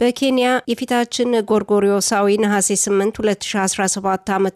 በኬንያ የፊታችን ጎርጎሪዮሳዊ ነሐሴ 8 2017 ዓ ም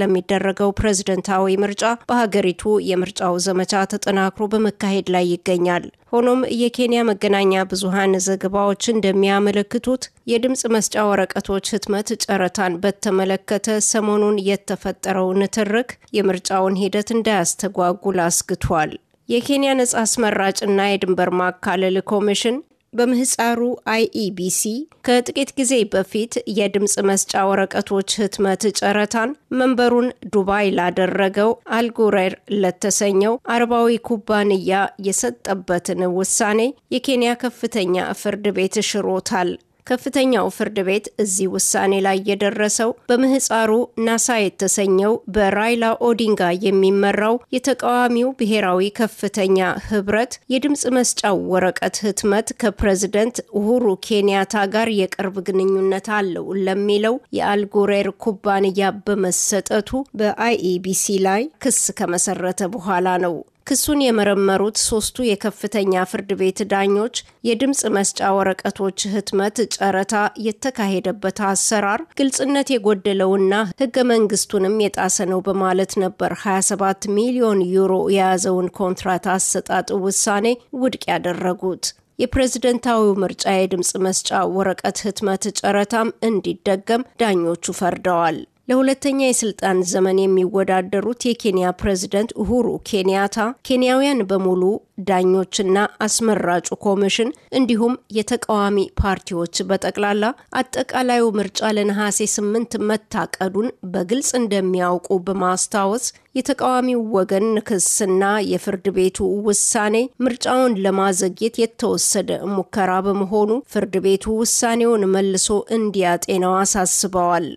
ለሚደረገው ፕሬዝደንታዊ ምርጫ በሀገሪቱ የምርጫው ዘመቻ ተጠናክሮ በመካሄድ ላይ ይገኛል። ሆኖም የኬንያ መገናኛ ብዙኃን ዘገባዎች እንደሚያመለክቱት የድምፅ መስጫ ወረቀቶች ህትመት ጨረታን በተመለከተ ሰሞኑን የተፈጠረው ንትርክ የምርጫውን ሂደት እንዳያስተጓጉል አስግቷል። የኬንያ ነጻ አስመራጭና የድንበር ማካለል ኮሚሽን በምህፃሩ አይኢቢሲ e ከጥቂት ጊዜ በፊት የድምፅ መስጫ ወረቀቶች ህትመት ጨረታን መንበሩን ዱባይ ላደረገው አልጉሬር ለተሰኘው አረባዊ ኩባንያ የሰጠበትን ውሳኔ የኬንያ ከፍተኛ ፍርድ ቤት ሽሮታል። ከፍተኛው ፍርድ ቤት እዚህ ውሳኔ ላይ የደረሰው በምህፃሩ ናሳ የተሰኘው በራይላ ኦዲንጋ የሚመራው የተቃዋሚው ብሔራዊ ከፍተኛ ህብረት የድምፅ መስጫው ወረቀት ህትመት ከፕሬዝደንት ኡሁሩ ኬንያታ ጋር የቅርብ ግንኙነት አለው ለሚለው የአልጎሬር ኩባንያ በመሰጠቱ በአይኢቢሲ ላይ ክስ ከመሰረተ በኋላ ነው። ክሱን የመረመሩት ሶስቱ የከፍተኛ ፍርድ ቤት ዳኞች የድምፅ መስጫ ወረቀቶች ህትመት ጨረታ የተካሄደበት አሰራር ግልጽነት የጎደለውና ህገ መንግስቱንም የጣሰ ነው በማለት ነበር 27 ሚሊዮን ዩሮ የያዘውን ኮንትራት አሰጣጥ ውሳኔ ውድቅ ያደረጉት። የፕሬዝደንታዊው ምርጫ የድምፅ መስጫ ወረቀት ህትመት ጨረታም እንዲደገም ዳኞቹ ፈርደዋል። ለሁለተኛ የስልጣን ዘመን የሚወዳደሩት የኬንያ ፕሬዝደንት ኡሁሩ ኬንያታ ኬንያውያን በሙሉ ዳኞችና አስመራጩ ኮሚሽን እንዲሁም የተቃዋሚ ፓርቲዎች በጠቅላላ አጠቃላዩ ምርጫ ለነሐሴ ስምንት መታቀዱን በግልጽ እንደሚያውቁ በማስታወስ የተቃዋሚው ወገን ክስና የፍርድ ቤቱ ውሳኔ ምርጫውን ለማዘግየት የተወሰደ ሙከራ በመሆኑ ፍርድ ቤቱ ውሳኔውን መልሶ እንዲያጤነው አሳስበዋል።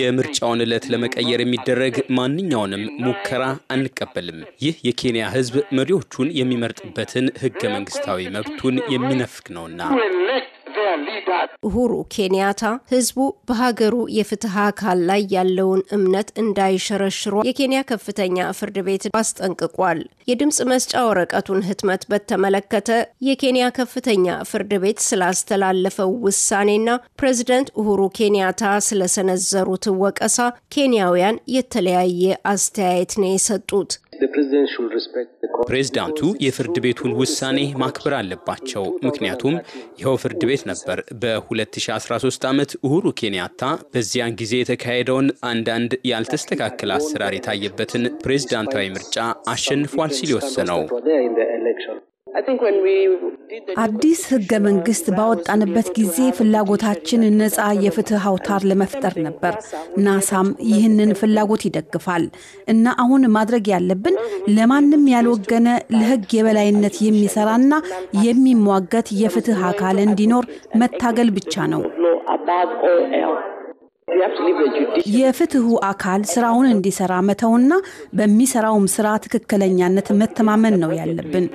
የምርጫውን ዕለት ለመቀየር የሚደረግ ማንኛውንም ሙከራ አንቀበልም። ይህ የኬንያ ሕዝብ መሪዎቹን የሚመርጥበትን ሕገ መንግስታዊ መብቱን የሚነፍግ ነውና። ኡሁሩ ኬንያታ ህዝቡ በሀገሩ የፍትህ አካል ላይ ያለውን እምነት እንዳይሸረሽሯ የኬንያ ከፍተኛ ፍርድ ቤት አስጠንቅቋል። የድምፅ መስጫ ወረቀቱን ህትመት በተመለከተ የኬንያ ከፍተኛ ፍርድ ቤት ስላስተላለፈው ውሳኔና ፕሬዚደንት ኡሁሩ ኬንያታ ስለሰነዘሩት ወቀሳ ኬንያውያን የተለያየ አስተያየት ነው የሰጡት። ፕሬዝዳንቱ የፍርድ ቤቱን ውሳኔ ማክበር አለባቸው። ምክንያቱም ይኸው ፍርድ ቤት ነበር በ2013 ዓመት ኡሁሩ ኬንያታ በዚያን ጊዜ የተካሄደውን አንዳንድ ያልተስተካከለ አሰራር የታየበትን ፕሬዝዳንታዊ ምርጫ አሸንፏል ሲል የወሰነው። አዲስ ህገ መንግስት ባወጣንበት ጊዜ ፍላጎታችን ነፃ የፍትህ አውታር ለመፍጠር ነበር። ናሳም ይህንን ፍላጎት ይደግፋል እና አሁን ማድረግ ያለብን ለማንም ያልወገነ ለህግ የበላይነት የሚሰራና የሚሟገት የፍትህ አካል እንዲኖር መታገል ብቻ ነው። የፍትሁ አካል ስራውን እንዲሰራ መተውና በሚሰራውም ስራ ትክክለኛነት መተማመን ነው ያለብን።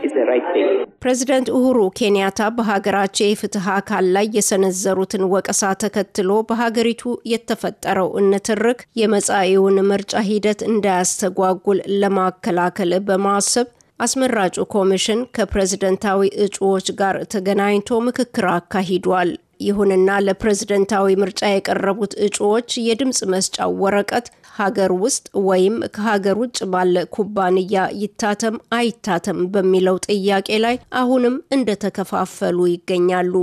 ፕሬዚደንት ኡሁሩ ኬንያታ በሀገራቸው የፍትህ አካል ላይ የሰነዘሩትን ወቀሳ ተከትሎ በሀገሪቱ የተፈጠረው እንትርክ የመጻኢውን ምርጫ ሂደት እንዳያስተጓጉል ለማከላከል በማሰብ አስመራጩ ኮሚሽን ከፕሬዝደንታዊ እጩዎች ጋር ተገናኝቶ ምክክር አካሂዷል። ይሁንና ለፕሬዝደንታዊ ምርጫ የቀረቡት እጩዎች የድምፅ መስጫው ወረቀት ሀገር ውስጥ ወይም ከሀገር ውጭ ባለ ኩባንያ ይታተም አይታተም በሚለው ጥያቄ ላይ አሁንም እንደተከፋፈሉ ይገኛሉ።